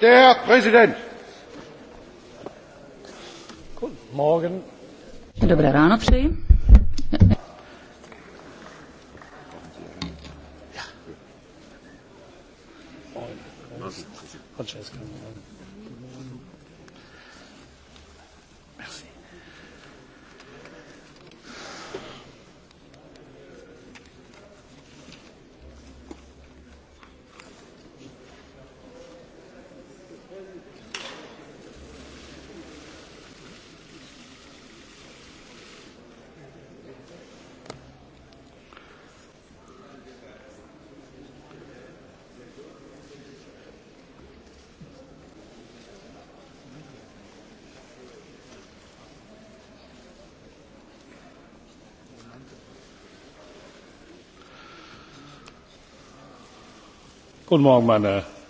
Der Präsident. Dobré ráno přeji.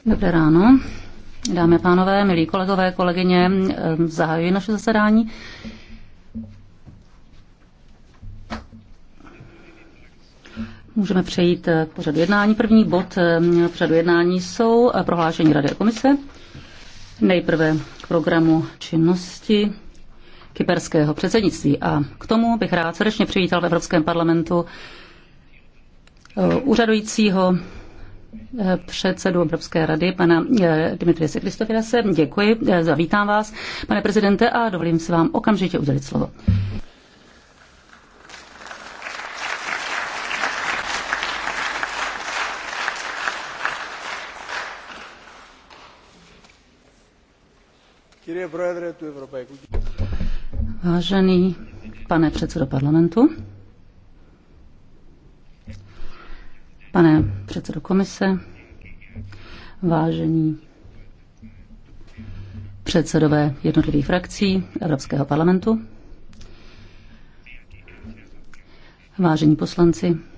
Dobré ráno, dámy a pánové, milí kolegové, kolegyně, eh, zahajuji naše zasedání. Můžeme přejít eh, k pořadu jednání. První bod eh, pořadu jednání jsou prohlášení Rady a komise. Nejprve k programu činnosti kyperského předsednictví. A k tomu bych rád srdečně přivítal v Evropském parlamentu úřadujícího předsedu Evropské rady, pana eh, Dimitrise se. Děkuji, eh, zavítám vás, pane prezidente, a dovolím si vám okamžitě udělit slovo. Vážený pane předsedo parlamentu, Pane předsedo komise, vážení předsedové jednotlivých frakcí Evropského parlamentu, vážení poslanci,